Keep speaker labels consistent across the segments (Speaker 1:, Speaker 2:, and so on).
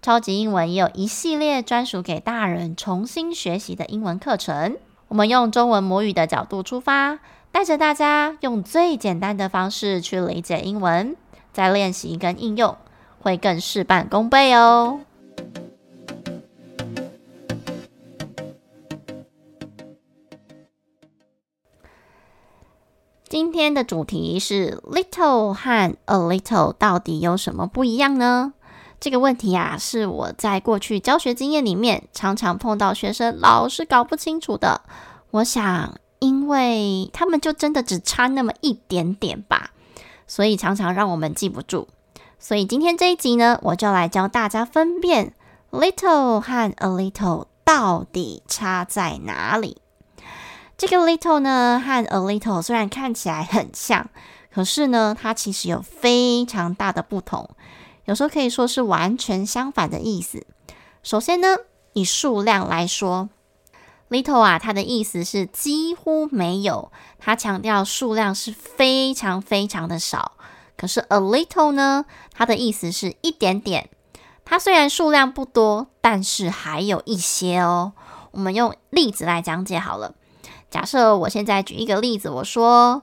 Speaker 1: 超級櫻文也有一系列專屬給大人重新學習的英文課程。我們用中文母語的角度出發，帶着大家用最簡單的方式去理解英文，再練習跟應用，會更事半功倍哦。今天的主題是 “little” 和 “a little” 到底有什麼不一樣呢？這個問題呀、啊，是我在過去教學經驗裡面常常碰到學生老是搞不清楚的。我想，因為他們就真的只差那麼一點點吧，所以常常讓我們記不住。所以今天這一集呢，我就來教大家分辨 little 和 a little 到底差在哪裡。這個 little 呢和 a little 雖然看起來很像，可是呢，它其實有非常大的不同。有時候可以說是完全相反的意思。首先呢，以數量來說，little 啊，它的意思是幾乎沒有，它強調數量是非常非常的少。可是 a little 呢，它的意思是一點點，它雖然數量不多，但是還有一些哦。我們用例子來講解好了。假設我現在舉一個例子，我說。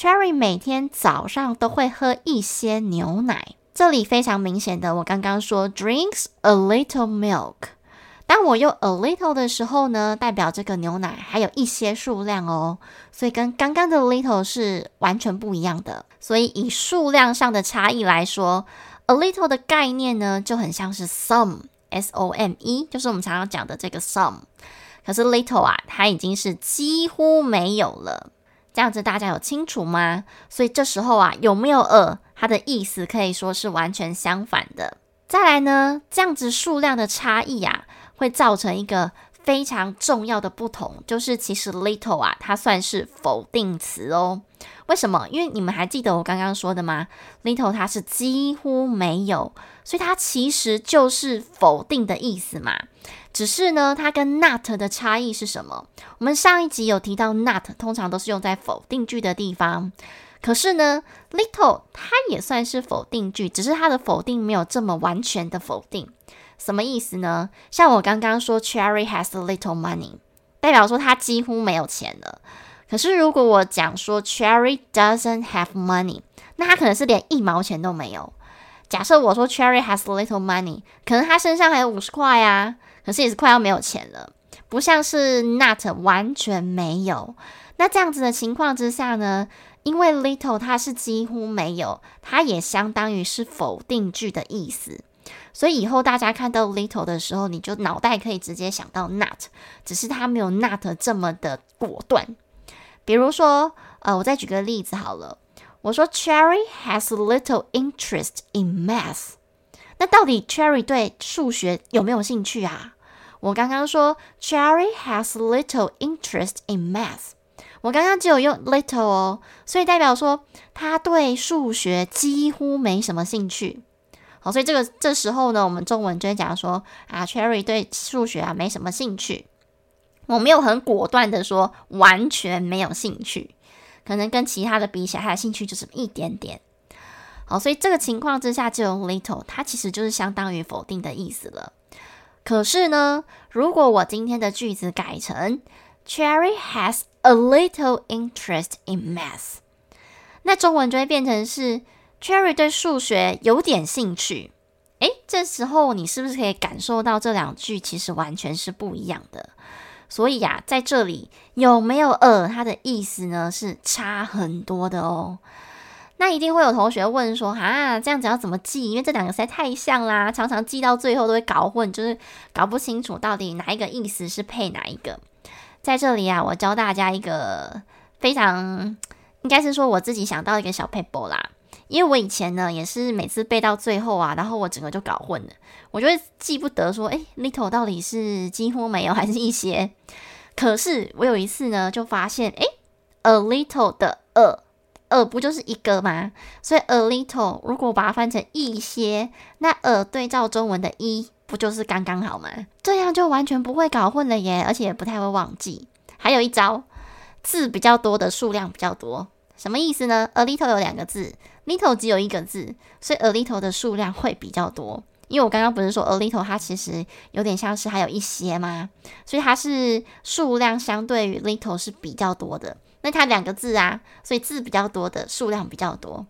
Speaker 1: Cherry 每天早上都會喝一些牛奶。這裡非常明顯的，我剛剛說 drinks a little milk。當我用 a little 的時候呢，代表這個牛奶還有一些數量哦，所以跟剛剛的 little 是完全不一樣的。所以以數量上的差異來說，a little 的概念呢，就很像是 some, S-O-M-E，就是我們常常講的這個 some。可是 little 啊，它已經是幾乎沒有了。這樣子大家有清楚嗎？所以這時候啊，有沒有二，它的意思可以說是完全相反的。再來呢，這樣子數量的差異啊，會造成一個非常重要的不同就是，其實 little 啊，它算是否定詞哦。為什麼？因為你們還記得我剛剛說的嗎？little 它是幾乎沒有，所以它其實就是否定的意思嘛。只是呢，它跟 not 的差異是什麼？我們上一集有提到 not 通常都是用在否定句的地方，可是呢，little 它也算是否定句，只是它的否定沒有這麼完全的否定。什麼意思呢？像我剛剛說，Cherry has little money，代表說他幾乎沒有錢了。可是如果我講說，Cherry doesn't have money，那他可能是連一毛錢都沒有。假設我說，Cherry has little money，可能他身上還有五十塊啊，可是也是快要沒有錢了。不像是 not，完全沒有。那這樣子的情況之下呢，因為 little 它是幾乎沒有，它也相當於是否定句的意思。所以以後大家看到 little 的時候，你就腦袋可以直接想到 not，只是它沒有 not 這麼的果斷。比如說，呃，我再舉個例子好了。我說 Cherry has little interest in math，那到底 Cherry 對數學有沒有興趣啊？我剛剛說 Cherry has little interest in math，我剛剛只有用 little 哦，所以代表說他對數學幾乎沒什麼興趣。所以這個這時候呢，我們中文就會講說啊，Cherry 對數學啊沒什麼興趣。我沒有很果斷的說完全沒有興趣，可能跟其他的比起來，他的興趣就是一點點。好，所以這個情況之下就用 little，它其實就是相當於否定的意思了。可是呢，如果我今天的句子改成 Cherry has a little interest in math，那中文就會變成是。Cherry 對數學有點興趣，誒，這時候你是不是可以感受到這兩句其實完全是不一樣的？所以呀、啊，在這裡有沒有“呃，它的意思呢是差很多的哦。那一定會有同學問說：“啊，這樣子要怎麼記？因為這兩個實在太像啦，常常記到最後都會搞混，就是搞不清楚到底哪一個意思是配哪一個。”在這裡啊，我教大家一個非常，應該是說我自己想到一個小配 r 啦。因為我以前呢，也是每次背到最後啊，然後我整個就搞混了，我就會記不得說，誒 little 到底是幾乎沒有還是一些。可是我有一次呢，就發現，誒 a little 的 a，a 不就是一個嗎？所以 a little 如果把它翻成一些，那 a 對照中文的一，不就是剛剛好嗎？這樣就完全不會搞混了耶，而且也不太會忘記。還有一招，字比較多的數量比較多，什麼意思呢？a little 有兩個字。Little 只有一個字，所以 a little 的數量會比較多。因為我剛剛不是說 a little 它其實有點像是還有一些嗎？所以它是數量相對於 little 是比較多的。那它兩個字啊，所以字比較多的數量比較多。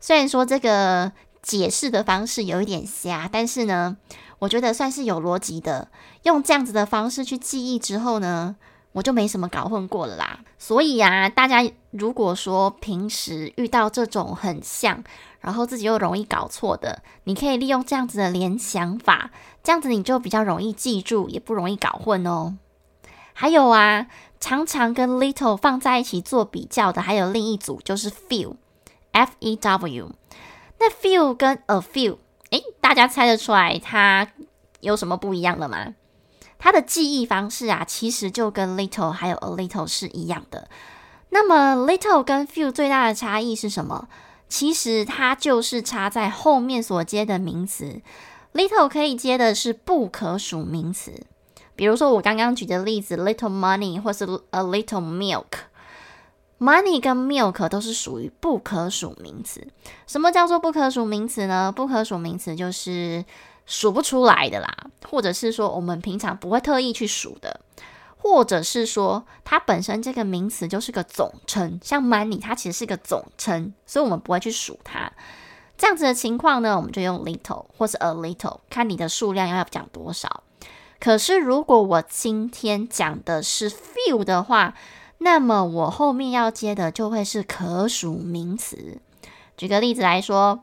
Speaker 1: 雖然說這個解釋的方式有一點瞎，但是呢，我覺得算是有邏輯的。用這樣子的方式去記憶之後呢，我就沒什麼搞混過了啦，所以啊，大家如果說平時遇到這種很像，然後自己又容易搞錯的，你可以利用這樣子的聯想法，這樣子你就比較容易記住，也不容易搞混哦。還有啊，常常跟 little 放在一起做比較的，還有另一組就是 few，F-E-W。那 few 跟 a few，誒，大家猜得出來它有什麼不一樣的嗎？它的記憶方式啊，其實就跟 little 還有 a little 是一樣的。那麼 little 跟 few 最大的差異是什麼？其實它就是差在後面所接的名詞。little 可以接的是不可數名詞，比如說我剛剛舉的例子 little money 或是 a little milk。money 跟 milk 都是屬於不可數名詞。什麼叫做不可數名詞呢？不可數名詞就是。數不出來的啦，或者是說我們平常不會特意去數的，或者是說它本身這個名詞就是個總稱，像 money 它其實是個總稱，所以我們不會去數它。這樣子的情況呢，我們就用 little 或是 a little，看你的數量要講多少。可是如果我今天講的是 few 的話，那麼我後面要接的就會是可數名詞。舉個例子來說。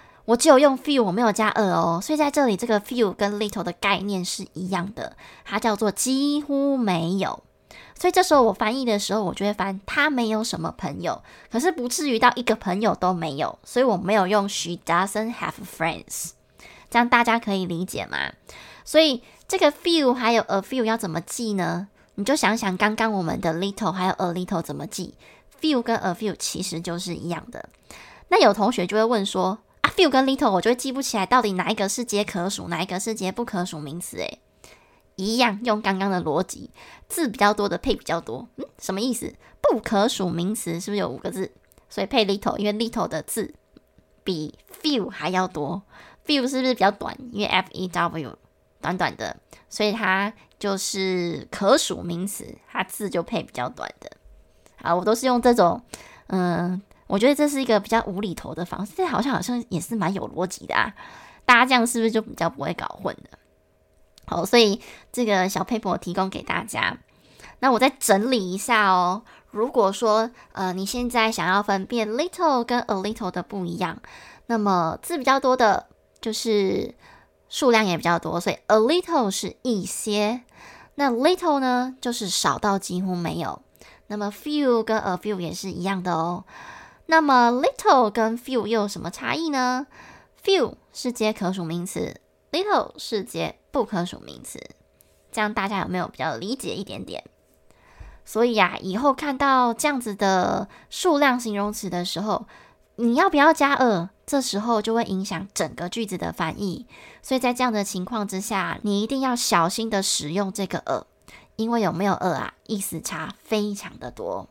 Speaker 1: 我只有用 few，我沒有加 a 哦，所以在這裡這個 few 跟 little 的概念是一樣的，它叫做幾乎沒有。所以這時候我翻譯的時候，我就會翻他沒有什麼朋友，可是不至於到一個朋友都沒有，所以我沒有用 she doesn't have friends，這樣大家可以理解嗎？所以這個 few 還有 a few 要怎麼記呢？你就想想剛剛我們的 little 還有 a little 怎麼記？few 跟 a few 其實就是一樣的。那有同學就會問說。few 跟 little，我就會記不起來到底哪一個是接可數，哪一個是接不可數名詞。誒，一樣用剛剛的邏輯，字比較多的配比較多。嗯，什麼意思？不可數名詞是不是有五個字？所以配 little，因為 little 的字比 few 還要多。few 是不是比較短？因為 F E W 短短的，所以它就是可數名詞，它字就配比較短的。好，我都是用這種，嗯。我覺得這是一個比較無厘頭的方式，這好像好像也是蠻有邏輯的啊。大家這樣是不是就比較不會搞混了？好，所以這個小撇步我提供給大家。那我再整理一下哦。如果說呃你現在想要分辨 little 跟 a little 的不一樣，那麼字比較多的就是數量也比較多，所以 a little 是一些，那 little 呢就是少到幾乎沒有。那麼 few 跟 a few 也是一樣的哦。那麼，little 跟 few 又有什麼差異呢？few 是接可數名詞，little 是接不可數名詞。這樣大家有沒有比較理解一點點？所以啊，以後看到這樣子的數量形容詞的時候，你要不要加 a？這時候就會影響整個句子的翻譯。所以在這樣的情況之下，你一定要小心的使用這個 a，因為有沒有 a 啊，意思差非常的多。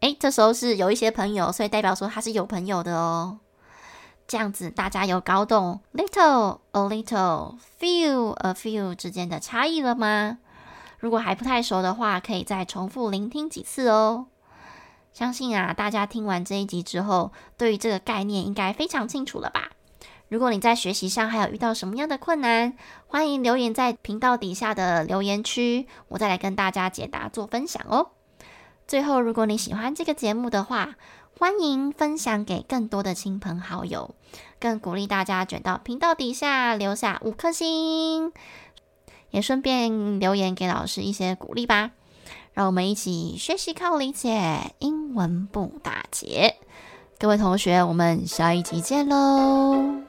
Speaker 1: 哎，這時候是有一些朋友，所以代表說他是有朋友的哦。這樣子，大家有搞懂 little a little few a few 之間的差異了嗎？如果還不太熟的話，可以再重複聆聽幾次哦。相信啊，大家聽完這一集之後，對於這個概念應該非常清楚了吧。如果你在學習上還有遇到什麼樣的困難，歡迎留言在頻道底下的留言區，我再來跟大家解答做分享哦。最後，如果你喜歡這個節目的話，歡迎分享給更多的親朋好友，更鼓勵大家捲到頻道底下留下五顆星，也順便留言給老師一些鼓勵吧。讓我們一起學習靠理解，英文不打結。各位同學，我們下一集見嘍！